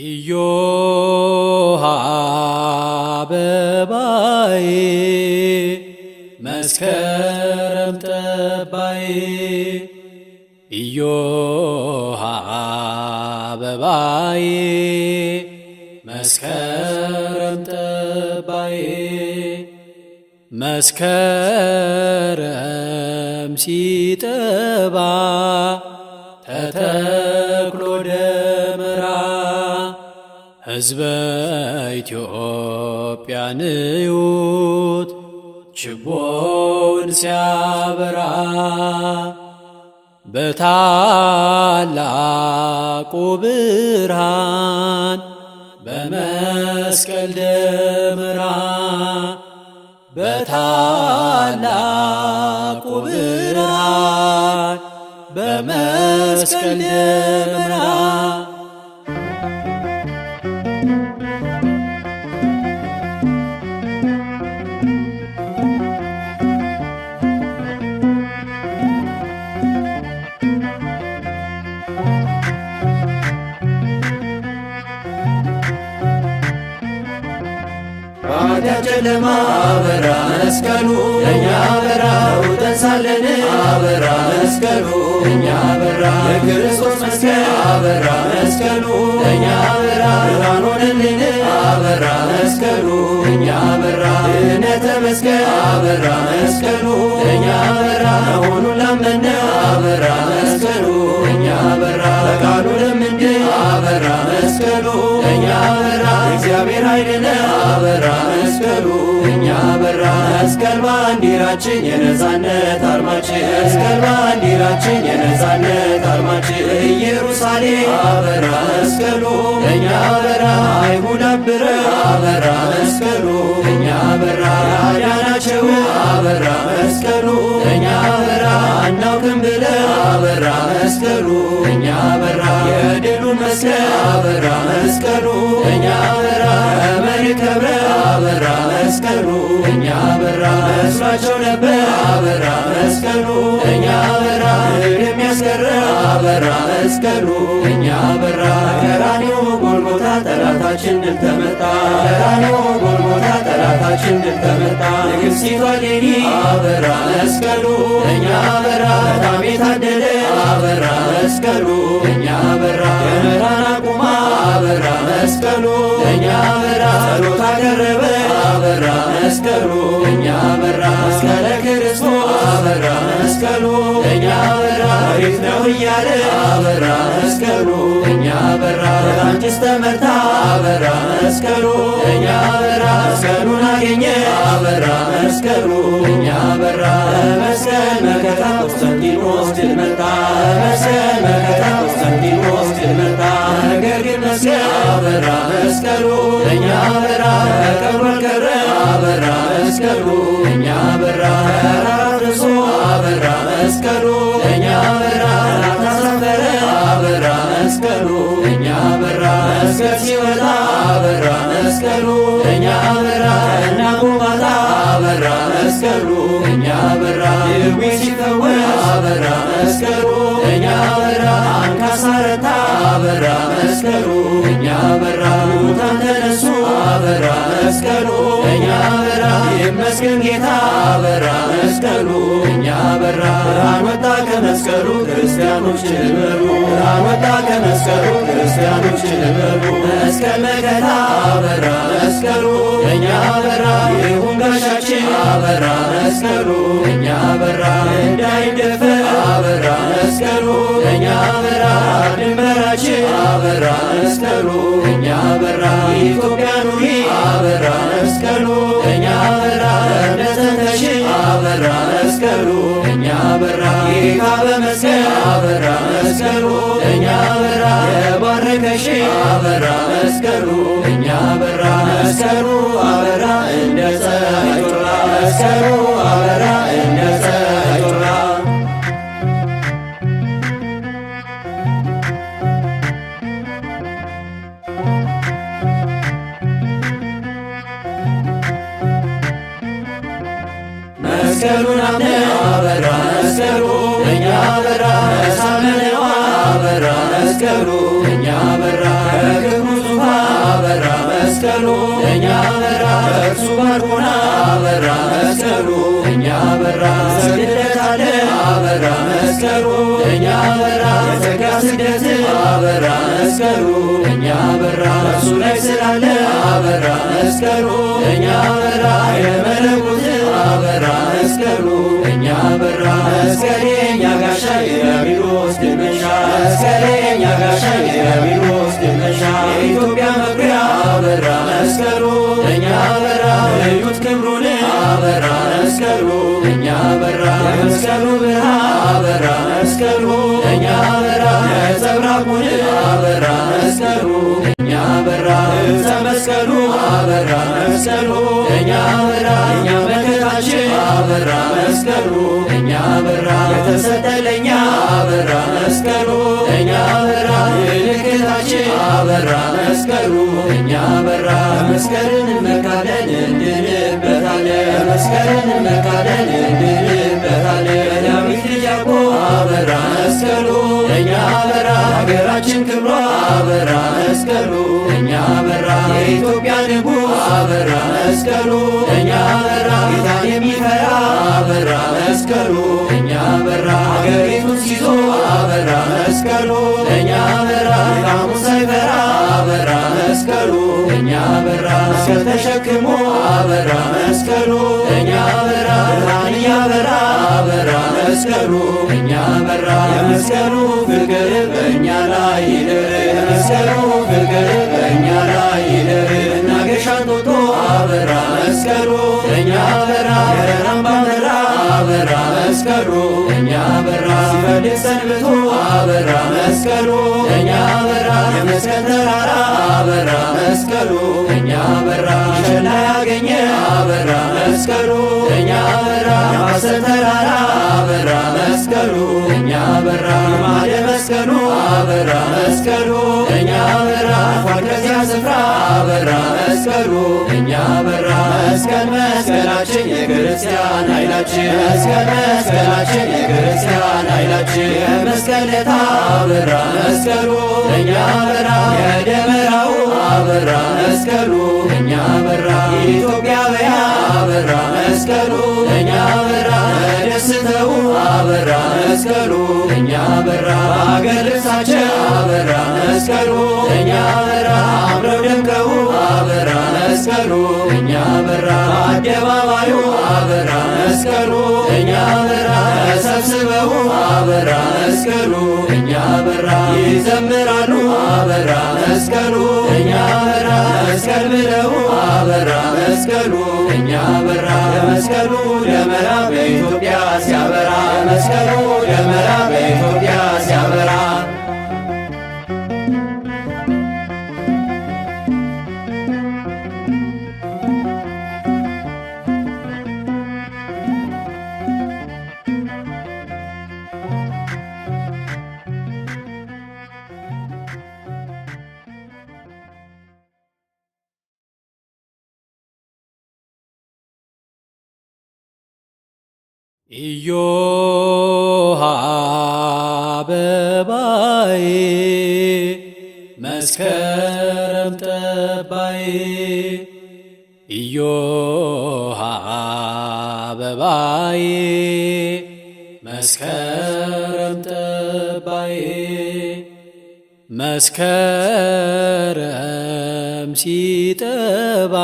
ኢዮሃ አበባዬ መስከረም ጠባዬ ኢዮሃ አበባዬ መስከረም ጠባዬ መስከረም ሲጠ ሕዝበ ኢትዮጵያ ንዩት ችቦውን ሲያበራ በታላቁ ብርሃን በመስቀል ደመራ በታላቁ ብርሃን በመስቀል ደመራ ጨለማ አበራ መስቀሉ እኛ በራ ውጠንሳለን አበራ መስቀሉ እኛ በራ የክርስቶስ መስቀል አበራ መስቀሉ እኛ በራ ብርሃን ሆነልን አበራ መስቀሉ እኛ በራ ድኅነተ መስቀል አበራ መስቀሉ እኛ በራ ሆኑ ባንዲራችን የነፃነት አርማችን መስቀል ባንዲራችን የነፃነት አርማችን ኢየሩሳሌም አበራ መስቀሉ እኛ አበራ አይሁድ አብረ አበራ መስቀሉ እኛ አበራ ያዳናቸው አበራ መስቀሉ እኛ አበራ አናውቅም ብለ አበራ መስቀሉ እኛ አበራ የድሉን መስቀል አበራ መስቀሉ እኛ አበራ በልባቸው ነበር አበራ መስቀሉ እኛ በራ እግር የሚያስቀረ አበራ መስቀሉ እኛ በራ ቀራንዮ ጎልጎታ ጠላታችን ድል ተመታ ቀራንዮ ጎልጎታ ጠላታችን ድል ተመታ ንግሥቲቷ እሌኒ አበራ መስቀሉ እኛ በራ በጣም የታደለ አበራ መስቀሉ እኛ በራ የመራን አቁማ አበራ መስቀሉ እኛ በራ ጸሎት አቀረበ መስቀሉ እኛ በራ መስቀለ ክርስቶ አበራ መስቀሉ እኛ በራ አሪፍ ነው እያለ አበራ መስቀሉ እኛ በራ አንቺስ ተመርታ አበራ መስቀሉ እኛ በራ መስቀሉን አገኘ አበራ መስቀሉ እኛ በራ መስቀል መከታ ቆስጠንጢኖስ ድል መጣ መስቀል መከታ ቆስጠንጢኖስ ድል መጣ ነገር ግን መስቀል አበራ መስቀሉ እኛ በራ ቀብረ መስቀሉ እኛ በራ ተራርሶ አበራ መስቀሉ እኛ በራ ተሰፈረ አበራ መስቀሉ እኛ በራ መስቀል ሲወጣ አበራ መስቀሉ እኛ በራ እናቁማታ አበራ መስቀሉ እኛ በራ ልዊ ሲፈወስ አበራ መስቀሉ እኛ በራ አንካሳረታ አበራ መስቀሉ እኛ በራ ሙታን ተነሱ አበራ መስቀሉ ይመስገን ጌታ በራ መስቀሉ እኛ በራ ብርሃን ወጣ ከመስቀሉ ክርስቲያኖች ልበሉ ብርሃን ወጣ ከመስቀሉ ክርስቲያኖች ልበሉ መስቀል መከታ በራ መስቀሉ እኛ በራ ይሁን ጋሻችን አበራ መስቀሉ እኛ በራ እንዳይደፈ አበራ መስቀሉ እኛ በራ ድንበራችን አበራ መስቀሉ እኛ በራ ኢትዮጵያ ኑሪ አበራ መስቀሉ መስቀሉ እኛ በራ ጌታ በመስቀል አበራ መስቀሉ እኛ በራ የባረከሽ አበራ መስቀሉ እኛ በራ መስቀሉ አበራ እንደ ፀሐይ መስቀሉ መስቀሉን አምነን አበራ መስቀሉ እኛ በራ ሳምነው አበራ መስቀሉ እኛ በራ ከክብሩ ዙፋን አበራ መስቀሉ እኛ በራ እርሱ ባርኮና አበራ መስቀሉ እኛ በራ ስግደት አለ አበራ መስቀሉ እኛ በራ ዘጋ ስግደት አበራ መስቀሉ እኛ በራ እሱ ላይ ስላለ አበራ መስቀሉ እኛ በራ የመለኩት አበራ መስቀሉ እኛ በራ መስቀሉ አበራ መስቀሉ እኛ አበራ እኛ መከታችን አበራ መስቀሉ እኛ አበራ የተሰጠለኛ አበራ መስቀሉ እኛ አበራ ምልክታችን አበራ መስቀሉ እኛ አበራ መስቀልን መካደን እንድንበታለ መስቀልን መካደን እንድንበታለ ዳዊት ልጅ አበራ መስቀሉ እኛ አበራ ሀገራችን ክብሯ አበራ መስቀሉ አበራ መስቀሉ እኛ በራ ጌታን የሚፈራ አበራ መስቀሉ እኛ በራ ሀገሪቱን ሲዞ አበራ መስቀሉ እኛ በራ ጌታሙን ሳይፈራ አበራ መስቀሉ እኛ በራ መስቀል ተሸክሞ አበራ መስቀሉ እኛ በራ ብርሃን እያበራ አበራ መስቀሉ እኛ በራ የመስቀሉ ፍቅር በእኛ ላይ ይደር የመስቀሉ ፍቅር በእኛ ላይ ይደር አበራ መስቀሉ ለእኛ በራ የአምባ በራ አበራ መስቀሉ ለእኛ በራ ሲፈልግ ሰንብቶ አበራ መስቀሉ ለእኛ በራ የመስቀል ተራራ አበራ መስቀሉ ለእኛ በራ ሸላ ያገኘ አበራ መስቀሉ ለእኛ በራ የማሰብ ተራራ አበራ መስቀሉ ለእኛ በራ ማደ መስቀሉ አበራ መስቀሉ ስፍራ አበራ መስቀሉ እኛ በራ መስቀል መስቀላችን የክርስቲያን ኃይላችን መስቀል መስቀላችን የክርስቲያን ኃይላችን የመስቀለታ በራ መስቀሉ እኛ በራ የደመራው አበራ መስቀሉ እኛ ነው አበራ መስቀሉ እኛ በራ አገር ልብሳቸው አበራ መስቀሉ እኛ በራ አብረው ደምቀው አበራ መስቀሉ እኛ በራ አደባባዩ አበራ መስቀሉ እኛ በራ ተሰብስበው አበራ መስቀሉ እኛ በራ ይዘምራሉ አበራ መስቀሉ እኛ በራ መስቀል ብለው አበራ መስቀሉ እኛ በራ ለመስቀሉ ደመራ በኢትዮጵያ ሲያበራ መስቀሉ ደመራ በኢትዮጵያ ሲያበራ ኢዮሃ አበባዬ መስከረም ጠባዬ ኢዮሃ አበባዬ መስከረም ጠባዬ መስከረም ሲጠባ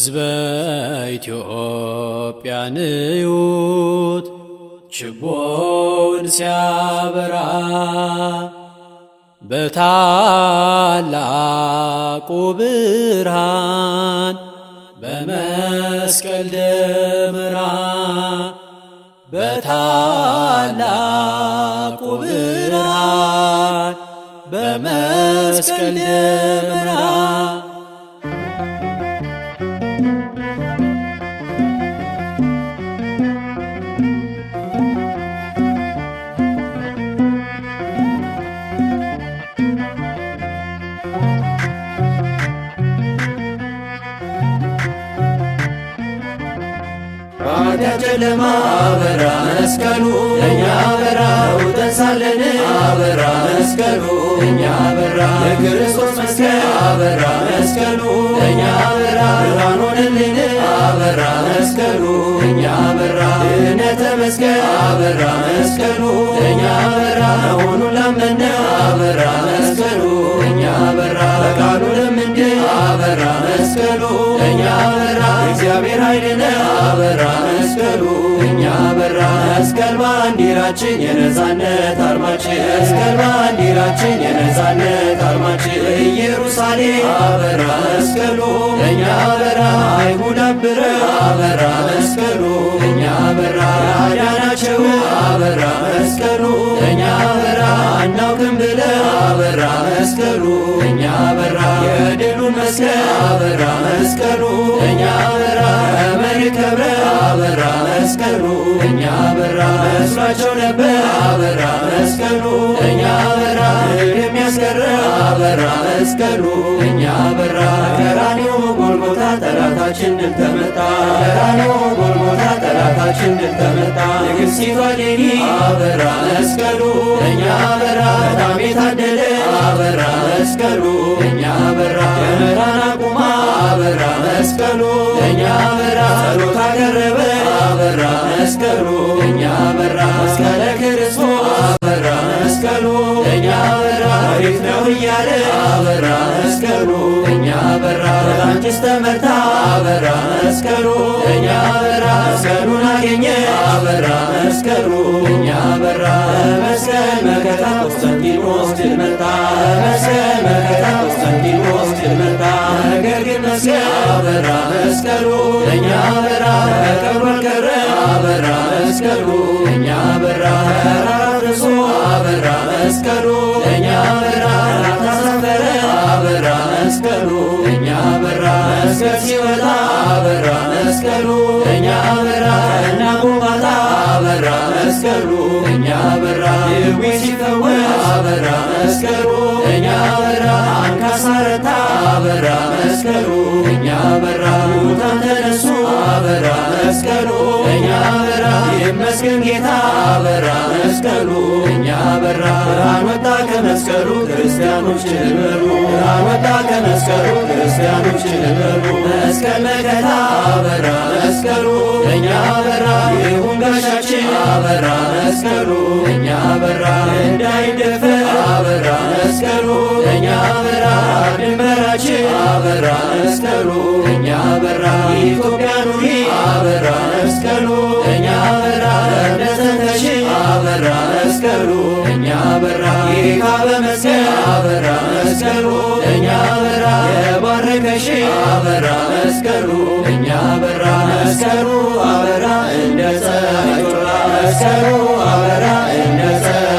ሕዝበ ኢትዮጵያ ንዩት ችቦውን ሲያበራ በታላቁ ብርሃን በመስቀል ደመራ በታላቁ ብርሃን በመስቀል መስቀሉ እኛ በራ ተንሳለን አበራ መስቀሉ እኛ በራ የክርስቶስ መስቀል አበራ መስቀሉ እኛ በራ ብርሃን ሆነልን አበራ መስቀሉ እኛ በራ ድህነተ መስቀል አበራ መስቀሉ እኛ በራ መሆኑ ላመነ አበራ መስቀሉ እኛ በራ በቃሉ ለምንድ አበራ መስቀሉ እኛ በራ እግዚአብሔር ኃይልነ አበራ መስቀል ባንዲራችን የነፃነት አርማችን መስቀል ባንዲራችን የነፃነት አርማችን ኢየሩሳሌም አበራ መስቀሉ ለእኛ አበራ አይሁድ አብረ አበራ መስቀሉ ለእኛ አበራ ያዳናቸው አበራ መስቀሉ ለእኛ አበራ አናውቅም ብለ አበራ መስቀሉ ለእኛ አበራ የድሉን መስቀል አበራ መስቀሉ ለእኛ አበራ መሪ ከብረ መስቀሉ እኛ በራ መስሏቸው ነበር አበራ መስቀሉ እኛ በራ የሚያስቀረ አበራ መስቀሉ እኛ በራ ቀራንዮ ጎልጎታ ጠላታችን ድል ተመታ ቀራንዮ ጎልጎታ ጠላታችን ድል ተመታ ንግሥቲቷ እሌኒ አበራ መስቀሉ እኛ በራ በጣም የታደለ አበራ መስቀሉ እኛ በራ የመዳን አቁማ አበራ መስቀሉ እኛ በራ ጸሎት አቀረበ መስቀሉ እኛ በራ መስቀለ ክርስቶስ አበራ መስቀሉ እኛ በራ አሪፍ ነው እያለ አበራ መስቀሉ እኛ በራ በላንቺስ ተመርታ አበራ መስቀሉ እኛ በራ መስቀሉን አገኘ አበራ መስቀሉ እኛ በራ መስቀል መከታ ቆስጠንጢኖስ ድል መጣ መስቀል መከታ ቆስጠንጢኖስ ድል መጣ ነገር ግን መስቀል አበራ መስቀሉ እኛ በራ ቀብሮ አልቀረ አበራ መስቀሉ እኛ በራ ተራርሶ አበራ መስቀሉ እኛ በራ ተሰፈረ አበራ መስቀሉ እኛ በራ መስቀል ሲወጣ አበራ መስቀሉ እኛ በራ እና አበራ መስቀሉ እኛ በራ ልዊ አበራ መስቀሉ እኛ በራ አንካሳረታ አበራ መስቀሉ ለእኛ በራ ክርስቲያኖች ንበሉ ወጣ ከመስቀሉ ክርስቲያኖች ንበሉ መስቀል መከታ አበራ መስቀሉ እኛ አበራ ይሁን ጋሻችን አበራ መስቀሉ እኛ አበራ እንዳይደፈ አበራ መስቀሉ እኛ አበራ ድንበራችን አበራ መስቀሉ እኛ አበራ ኢትዮጵያ ኑሪ አበራ መስቀሉ እኛ አበራ እንደዘንተሽ አበራ መስቀሉ አበራ መስቀሉ እኛ በራ የባረከሽ አበራ መስቀሉ እኛ በራ መስቀሉ አበራ እንደ ፀሐይ መስቀሉ አበራ እንደ ፀሐይ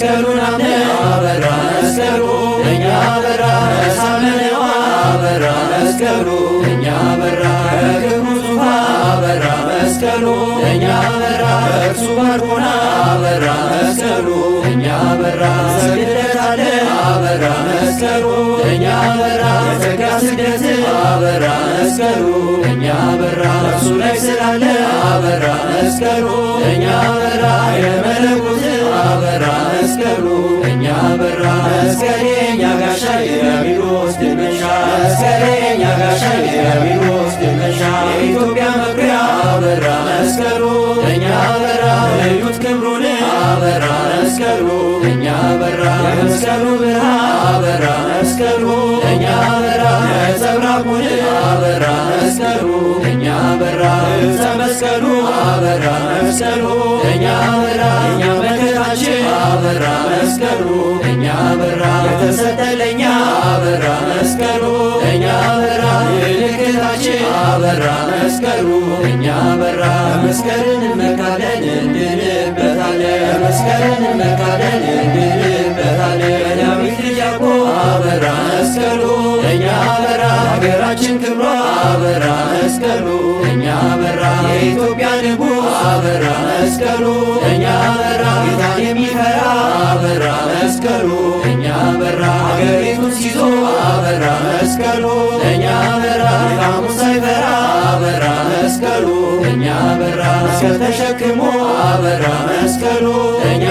መስቀሉን አምነ አበራ መስቀሉ እኛ በራ ሳመነ አበራ መስቀሉ እኛ በራ ከክብሩ ዙፋን አበራ መስቀሉ እኛ በራ እርሱ ባርኮና አበራ መስቀሉ እኛ በራ መስቀሉ እኛ በራ ጸጋ ስደት አበራ መስቀሉ እኛ በራ እርሱ ላይ ስላለ አበራ መስቀሉ እኛ በራ የመለኮት አበራ መስቀሉ እኛ በራ መስቀሌ እኛ ጋሻ የዳቢሎስ ድመሻ መስቀሌ እኛ ጋሻ የዳቢሎስ ድመሻ የኢትዮጵያ መኩሪያ አበራ መስቀሉ እኛ በራ ለዩት ክብሩን አበራ መስቀሉ እኛ በራ የመስቀሉ ብራ አበራ መስቀሉ ለእኛ በራ ነጸብራቁን አበራ መስቀሉ ለእኛ በራ ዕፀ መስቀሉ አበራ መስቀሉ ለእኛ በራ እኛ መከታችን አበራ መስቀሉ ለእኛ በራ የተሰጠ አበራ መስቀሉ ለእኛ በራ ምልክታችን አበራ መስቀሉ ለእኛ በራ መስቀልን መካደን እንድንበታለን መስቀልን መካደን እንድን ሀገራችን ክብሯ አበራ መስቀሉ እኛ በራ የኢትዮጵያ ንጉሥ አበራ መስቀሉ እኛ በራ ጌታ የሚፈራ አበራ መስቀሉ እኛ በራ ሀገሪቱን ሲዞ አበራ መስቀሉ እኛ በራ ድካሙ ሳይፈራ አበራ መስቀሉ እኛ በራ መስቀል ተሸክሞ አበራ መስቀሉ እኛ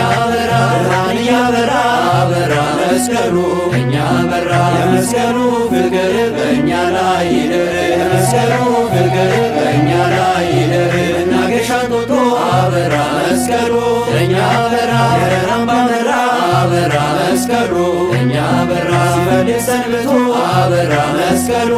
የመስቀሉ እኛ በራ የመስቀሉ ፍቅር በእኛ ላይ ይደር የመስቀሉ ፍቅር በእኛ ላይ ይደር መናገሻ ጦጦ አበራ መስቀሉ እኛ በራ የራምባ በራ አበራ መስቀሉ እኛ በራ ሲፈልግ ሰንብቶ አበራ መስቀሉ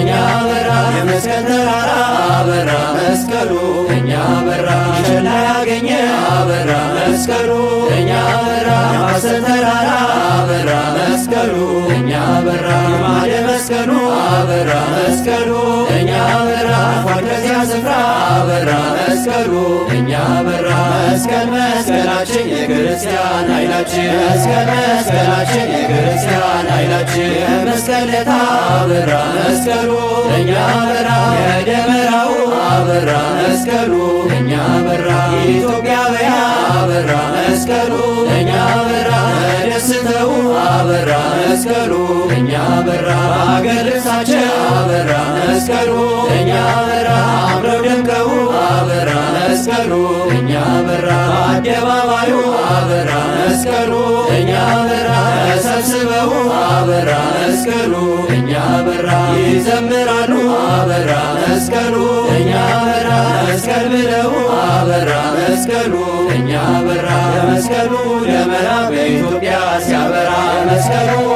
እኛ በራ የመስቀል ተራራ አበራ መስቀሉ እኛ በራ ሸላ ያገኘ አበራ መስቀሉ እኛ በራ የማሰብ ተራራ አበራ መስቀሉ እኛ በራ ማደ መስቀሉ አበራ መስቀሉ እኛ በራ ከዚያ ስፍራ አበራ መስቀሉ እኛ በራ መስቀል መስቀላችን የክርስቲያን ኃይላችን መስቀል መስቀላችን የክርስቲያን ኃይላችን መስቀል ለታ አበራ መስቀሉ እኛ አበራ የደመራው አበራ መስቀሉ እኛ አበራ ኢትዮጵያውያን አበራ መስቀሉ አበራ መስቀሉ እኛ በራ አገር ልብሳችን አበራ መስቀሉ እኛ በራ አምረው ደምቀው አበራ መስቀሉ እኛ በራ አደባባዩ አበራ መስቀሉ እኛ በራ ተሰብስበው አበራ መስቀሉ እኛ በራ ይዘምራሉ አበራ መስቀሉ እኛ በራ መስቀል ብለው አበራ መስቀሉ እኛ በራ መስቀሉ ደመና በኢትዮጵያ ሲያበራ መስቀሉ